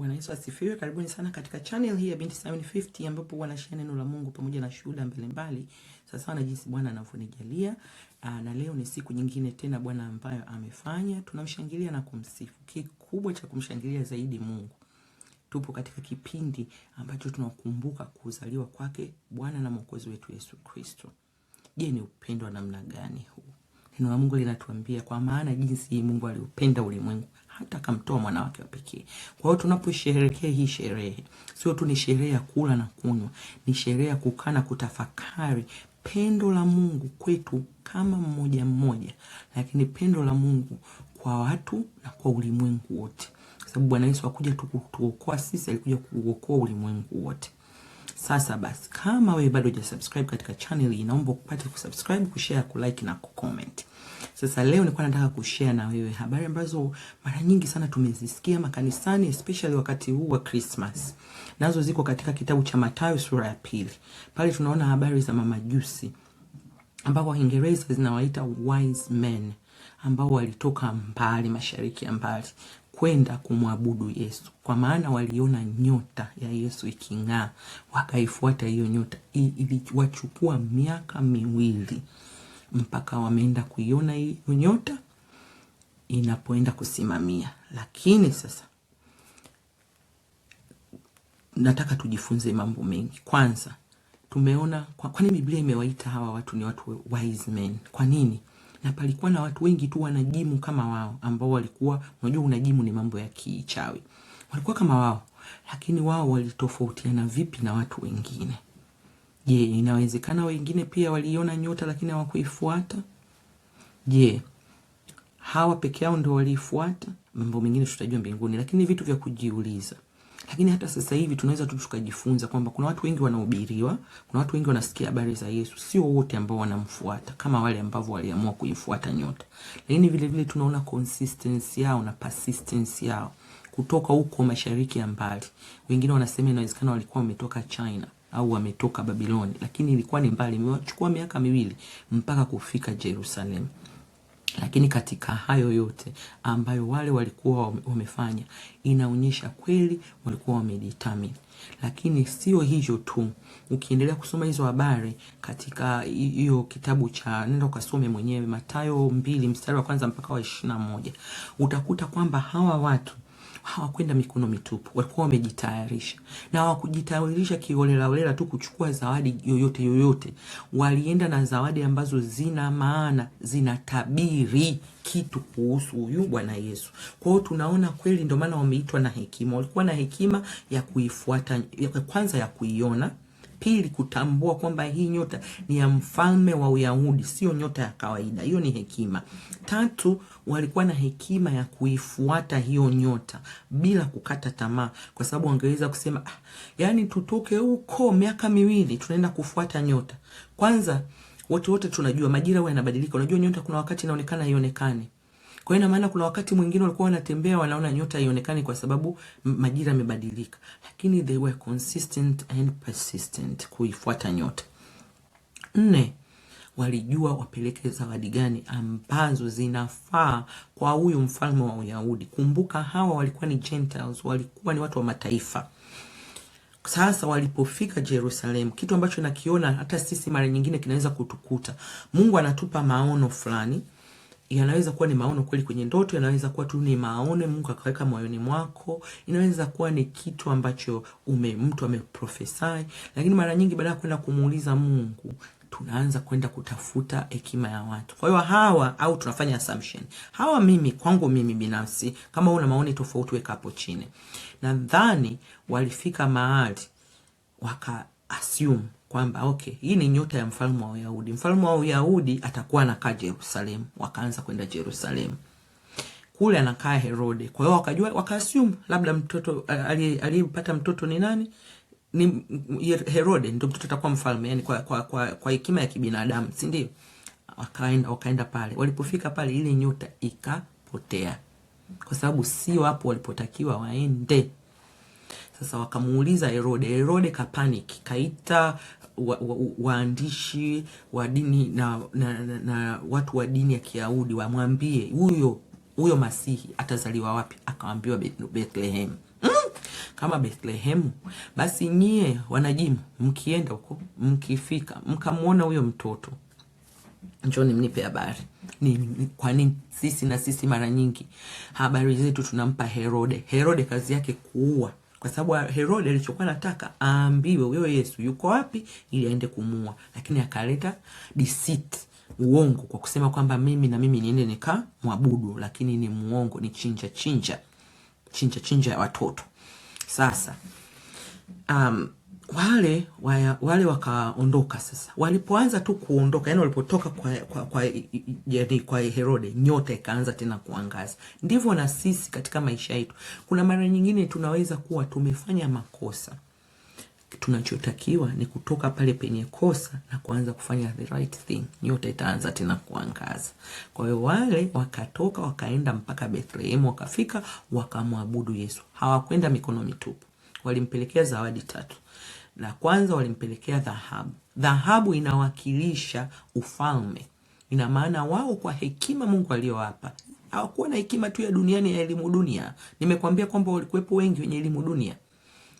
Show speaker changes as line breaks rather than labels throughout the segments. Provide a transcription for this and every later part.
Bwana Yesu asifiwe. Karibuni sana katika channel hii ya Binti Sayuni 50 ambapo wanashia neno la Mungu pamoja na shuhuda mbalimbali sasa na jinsi Bwana anavyonijalia. Ah, na leo ni siku nyingine tena Bwana ambayo amefanya, tunamshangilia na kumsifu. Kikubwa cha kumshangilia zaidi Mungu, tupo katika kipindi ambacho tunakumbuka kuzaliwa kwake Bwana na Mwokozi wetu Yesu Kristo. Je, ni upendo wa namna gani huu? Neno la Mungu linatuambia kwa maana jinsi Mungu aliupenda ulimwengu hata akamtoa mwanawake wa pekee. Kwa hiyo tunaposherehekea hii sherehe, sio tu ni sherehe ya kula na kunywa, ni sherehe ya kukaa na kutafakari pendo la Mungu kwetu kama mmoja mmoja, lakini pendo la Mungu kwa watu na kwa ulimwengu wote, sababu Bwana Yesu hakuja tu kutuokoa sisi, alikuja kuuokoa ulimwengu wote. Sasa basi, kama wewe bado hujasubscribe katika channel hii, naomba upate kusubscribe, kushare, kulike na kucomment. Sasa leo nilikuwa nataka kushare na wewe habari ambazo mara nyingi sana tumezisikia makanisani especially wakati huu wa Christmas. Nazo ziko katika kitabu cha Mathayo sura ya pili. Pale tunaona habari za mamajusi ambao kwa Kiingereza zinawaita wise men ambao walitoka mbali, mashariki ya mbali, kwenda kumwabudu Yesu, kwa maana waliona nyota ya Yesu iking'aa, wakaifuata hiyo nyota. Iliwachukua miaka miwili mpaka wameenda kuiona hiyo nyota inapoenda kusimamia. Lakini sasa nataka tujifunze mambo mengi. Kwanza tumeona kwa, kwa nini Biblia imewaita hawa watu ni watu wise men? Kwa nini? na palikuwa na watu wengi tu wanajimu kama wao, ambao walikuwa, unajua unajimu ni mambo ya kichawi, walikuwa kama wao, lakini wao walitofautiana vipi na watu wengine? Je, inawezekana wengine pia waliona nyota lakini hawakuifuata? Je, hawa peke yao ndio waliifuata? Mambo mengine tutajua mbinguni, lakini vitu vya kujiuliza. Lakini hata sasa hivi tunaweza tu tukajifunza kwamba kuna watu wengi wanahubiriwa, kuna watu wengi wanasikia habari za Yesu, sio wote ambao wanamfuata kama wale ambao waliamua kuifuata nyota. Lakini vile vile tunaona consistency yao na persistence yao kutoka huko mashariki ya mbali. Wengine wanasema inawezekana walikuwa wametoka China au wametoka Babiloni, lakini ilikuwa ni mbali, imewachukua miaka miwili mpaka kufika Jerusalem. Lakini katika hayo yote ambayo wale walikuwa wamefanya, inaonyesha kweli walikuwa wamejitamini. Lakini sio hivyo tu, ukiendelea kusoma hizo habari katika hiyo kitabu cha, nenda ukasome mwenyewe, matayo mbili mstari wa kwanza mpaka wa ishirina moja utakuta kwamba hawa watu hawakwenda mikono mitupu, walikuwa wamejitayarisha na hawakujitayarisha kiholelaholela tu kuchukua zawadi yoyote yoyote. Walienda na zawadi ambazo zina maana, zina tabiri kitu kuhusu huyu Bwana Yesu. Kwa hiyo tunaona kweli, ndio maana wameitwa na hekima. Walikuwa na hekima ya kuifuata, ya kwanza ya kuiona pili, kutambua kwamba hii nyota ni ya mfalme wa Uyahudi, sio nyota ya kawaida. Hiyo ni hekima. Tatu, walikuwa na hekima ya kuifuata hiyo nyota bila kukata tamaa, kwa sababu wangeweza kusema ah, yani tutoke huko, miaka miwili tunaenda kufuata nyota. Kwanza watu wote tunajua majira huwa yanabadilika. Unajua nyota kuna wakati inaonekana haionekani kwa hiyo ina maana kuna wakati mwingine walikuwa wanatembea wanaona nyota haionekani kwa sababu majira yamebadilika, lakini they were consistent and persistent kuifuata nyota. Nne, walijua wapeleke zawadi gani ambazo zinafaa kwa huyu mfalme wa Uyahudi. Kumbuka hawa walikuwa ni Gentiles, walikuwa ni watu wa mataifa. Sasa walipofika Jerusalem, kitu ambacho nakiona hata sisi mara nyingine kinaweza kutukuta, Mungu anatupa maono fulani yanaweza kuwa ni maono kweli kwenye ndoto, yanaweza kuwa tu ni maono Mungu akaweka moyoni mwako, inaweza kuwa ni kitu ambacho ume mtu ameprofesai. Lakini mara nyingi baada ya kwenda kumuuliza Mungu tunaanza kwenda kutafuta hekima ya watu. Kwa hiyo hawa au tunafanya assumption hawa. Mimi kwangu mimi binafsi, kama una maoni tofauti, weka hapo chini. Nadhani walifika mahali waka assume kwamba okay, hii ni nyota ya mfalme wa uyahudi Mfalme wa uyahudi atakuwa anakaa jerusalemu Wakaanza kwenda jerusalemu kule anakaa Herode. Kwa hiyo wakajua, wakaassume labda mtoto aliyepata mtoto ni nani? Ni Herode, ndio mtoto atakuwa mfalme, yani kwa kwa kwa, kwa hekima ya kibinadamu, si ndio? Wakaenda wakaenda pale, walipofika pale ile nyota ikapotea, kwa sababu sio hapo walipotakiwa waende. Sasa wakamuuliza Herode. Herode kapaniki, kaita waandishi wa, wa, wa dini na, na, na, na watu wa dini ya Kiyahudi wamwambie huyo huyo Masihi atazaliwa wapi? akawambiwa Bethlehem. Mm, kama Bethlehemu basi nyie wanajimu, mkienda huko, mkifika, mkamwona huyo mtoto, njoni mnipe habari. Ni kwa nini sisi na sisi mara nyingi habari zetu tunampa Herode? Herode kazi yake kuua kwa sababu ah, Herode alichokuwa anataka aambiwe huyo Yesu yuko wapi ili aende kumua, lakini akaleta deceit uongo kwa kusema kwamba mimi na mimi niende nika mwabudu lakini ni muongo, ni chinja chinja chinja chinja ya watoto. Sasa um, wale waya, wale wakaondoka. Sasa walipoanza tu kuondoka, yani walipotoka kwa kwa, kwa, yani kwa Herode, nyota ikaanza tena kuangaza. Ndivyo na sisi katika maisha yetu, kuna mara nyingine tunaweza kuwa tumefanya makosa. Tunachotakiwa ni kutoka pale penye kosa na kuanza kufanya the right thing, nyota itaanza tena kuangaza. Kwa hiyo wale wakatoka wakaenda mpaka Bethlehemu, wakafika wakamwabudu Yesu. Hawakwenda mikono mitupu, walimpelekea zawadi tatu. La kwanza walimpelekea dhahabu. Dhahabu inawakilisha ufalme, ina maana wao kwa hekima Mungu aliyowapa hawakuwa na hekima tu ya duniani ya elimu dunia. Nimekwambia kwamba walikuwepo wengi wenye elimu dunia,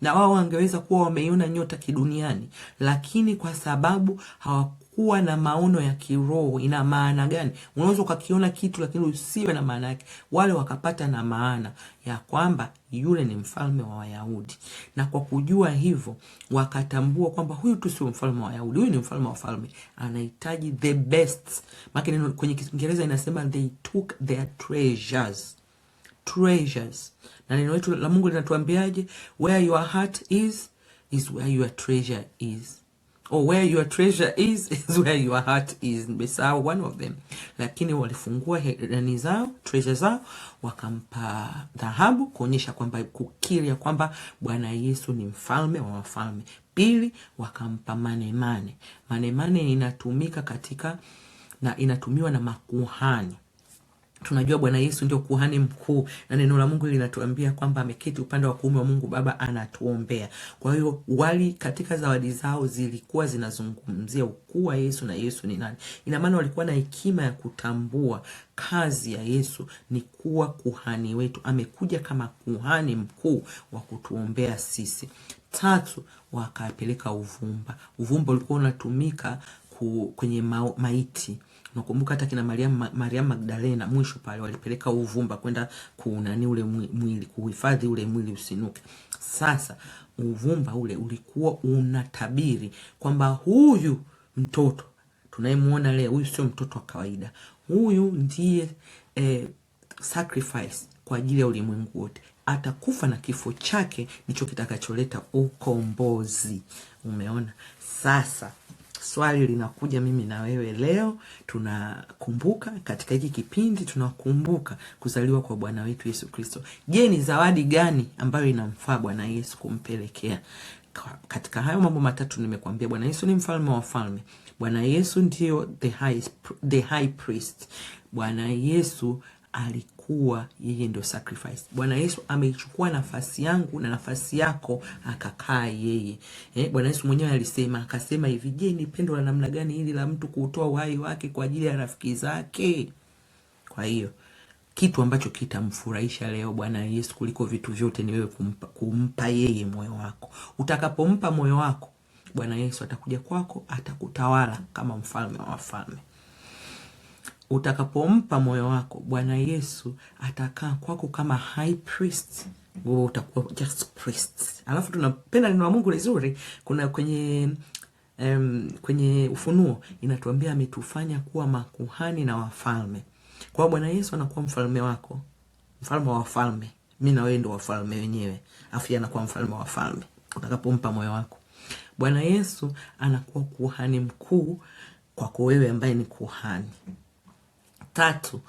na wao wangeweza kuwa wameiona nyota kiduniani, lakini kwa sababu hawaku kuwa na maono ya kiroho ina maana gani? Unaweza ukakiona kitu lakini usiwe na maana yake. Wale wakapata na maana ya kwamba yule ni mfalme wa Wayahudi, na kwa kujua hivyo wakatambua kwamba huyu tu sio mfalme wa Wayahudi, huyu ni mfalme wa wafalme, anahitaji the best. Maana kwenye Kiingereza inasema they took their treasures. Treasures, na neno letu la Mungu linatuambiaje? Where your heart is is where your treasure is or where your treasure is is where your heart is. Nimesahau one of them, lakini walifungua herani zao treasure zao wakampa dhahabu kuonyesha kwamba kukiri ya kwamba Bwana Yesu ni mfalme wa wafalme. Pili wakampa manemane. Manemane inatumika katika na inatumiwa na makuhani Tunajua Bwana Yesu ndio kuhani mkuu na neno la Mungu linatuambia kwamba ameketi upande wa kuume wa Mungu Baba, anatuombea. Kwa hiyo wali katika zawadi zao zilikuwa zinazungumzia ukuu wa Yesu na Yesu ni nani. Ina maana walikuwa na hekima ya kutambua kazi ya Yesu ni kuwa kuhani wetu, amekuja kama kuhani mkuu wa kutuombea sisi. Tatu, wakapeleka uvumba. Uvumba ulikuwa unatumika kwenye maiti unakumbuka hata kina Mariam, Mariam Magdalena mwisho pale walipeleka uvumba kwenda kuunani ule mwili, kuhifadhi ule mwili usinuke. Sasa uvumba ule ulikuwa unatabiri kwamba huyu mtoto tunayemwona leo, huyu sio mtoto wa kawaida, huyu ndiye eh, sacrifice kwa ajili ya ulimwengu wote atakufa na kifo chake ndicho kitakacholeta ukombozi. Umeona sasa swali linakuja mimi na wewe leo. Tunakumbuka katika hiki kipindi, tunakumbuka kuzaliwa kwa Bwana wetu Yesu Kristo. Je, ni zawadi gani ambayo inamfaa Bwana Yesu kumpelekea? Katika hayo mambo matatu nimekwambia Bwana Yesu ni mfalme wa falme Bwana Yesu ndiyo the high, the high priest. Bwana Yesu ali kuwa yeye ndio sacrifice. Bwana Yesu ameichukua nafasi yangu na nafasi yako akakaa yeye. Eh, Bwana Yesu mwenyewe alisema akasema hivi, je, ni pendo la namna gani hili la mtu kuutoa uhai wake kwa ajili ya rafiki zake? Kwa hiyo kitu ambacho kitamfurahisha leo Bwana Yesu kuliko vitu vyote ni wewe kumpa, kumpa yeye moyo wako. Utakapompa moyo wako Bwana Yesu atakuja kwako, atakutawala kama mfalme wa wafalme. Utakapompa moyo wako, Bwana Yesu atakaa kwako kama high priest, wewe utakuwa just priest. Alafu tunapenda neno la Mungu lizuri, kuna kwenye um, kwenye Ufunuo inatuambia ametufanya kuwa makuhani na wafalme. Kwa hiyo Bwana Yesu anakuwa mfalme wako, mfalme wa wafalme. Mi nawee ndo wafalme wenyewe, afu anakuwa mfalme wa wafalme utakapompa moyo wako. Bwana Yesu anakuwa kuhani mkuu kwako wewe ambaye ni kuhani tatu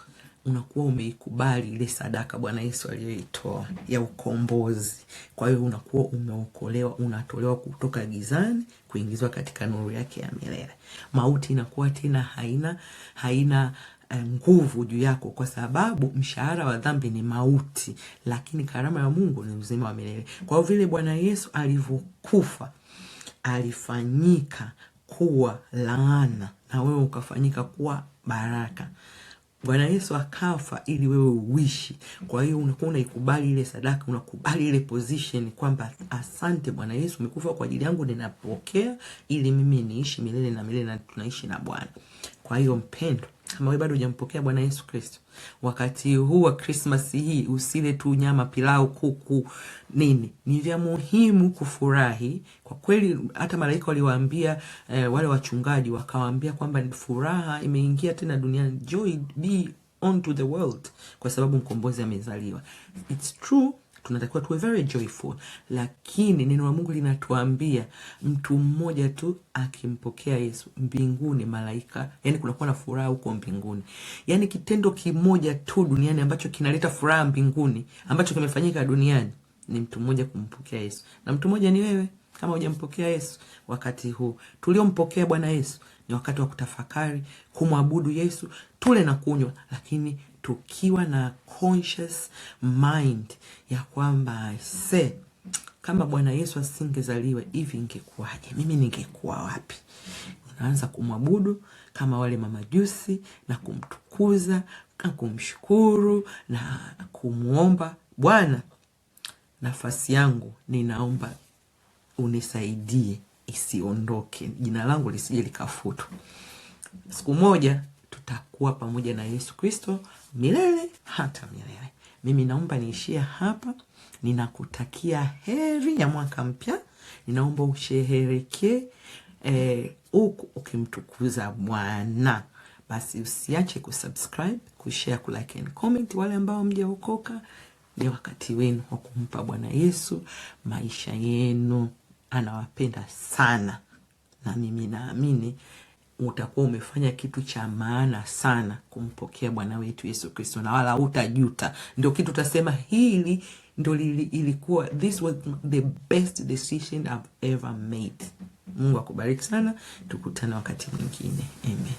unakuwa umeikubali ile sadaka Bwana Yesu aliyoitoa ya ukombozi. Kwa hiyo unakuwa umeokolewa, unatolewa kutoka gizani kuingizwa katika nuru yake ya milele. Mauti inakuwa tena haina haina eh, nguvu juu yako, kwa sababu mshahara wa dhambi ni mauti, lakini karama ya Mungu ni uzima wa milele. Kwa hiyo vile Bwana Yesu alivyokufa alifanyika kuwa laana na wewe ukafanyika kuwa baraka. Bwana Yesu akafa ili wewe uishi. Kwa hiyo unakuwa unaikubali ile sadaka, unakubali ile position kwamba asante Bwana Yesu, umekufa kwa ajili yangu, ninapokea ili mimi niishi milele na milele, na tunaishi na Bwana. Kwa hiyo mpendo ambaye bado hujampokea Bwana Yesu Kristo, wakati huu wa Christmas hii usile tu nyama, pilau, kuku, nini. Ni vya muhimu kufurahi kwa kweli. Hata malaika waliwaambia eh, wale wachungaji wakawaambia kwamba furaha imeingia tena duniani, joy be onto the world, kwa sababu mkombozi amezaliwa. It's true tunatakiwa tuwe very joyful, lakini neno la Mungu linatuambia mtu mmoja tu akimpokea Yesu mbinguni, malaika yani, kunakuwa na furaha huko mbinguni. Yani kitendo kimoja tu duniani ambacho kinaleta furaha mbinguni, ambacho kimefanyika duniani ni mtu mmoja kumpokea Yesu, na mtu mmoja ni wewe. Kama hujampokea Yesu wakati huu, tuliompokea Bwana Yesu ni wakati wa kutafakari, kumwabudu Yesu, tule na kunywa, lakini tukiwa na conscious mind ya kwamba se kama Bwana Yesu asingezaliwa hivi ingekuwaje? Mimi ningekuwa wapi? Unaanza kumwabudu kama wale mamajusi na kumtukuza na kumshukuru na kumwomba Bwana, nafasi yangu ninaomba unisaidie isiondoke, jina langu lisije likafutwa. Siku moja tuta kuwa pamoja na Yesu Kristo milele hata milele. Mimi naomba niishie hapa. Ninakutakia heri ya mwaka mpya, ninaomba usheherekee eh, huku ukimtukuza Bwana. Basi usiache kusubscribe, kushare, kulike and comment. Wale ambao mjaokoka, ni wakati wenu wa kumpa Bwana Yesu maisha yenu. Anawapenda sana, na mimi naamini utakuwa umefanya kitu cha maana sana kumpokea Bwana wetu Yesu Kristo, na wala utajuta Ndio kitu utasema hili ndo ilikuwa, this was the best decision I've ever made. Mungu akubariki sana, tukutane wakati mwingine, amen.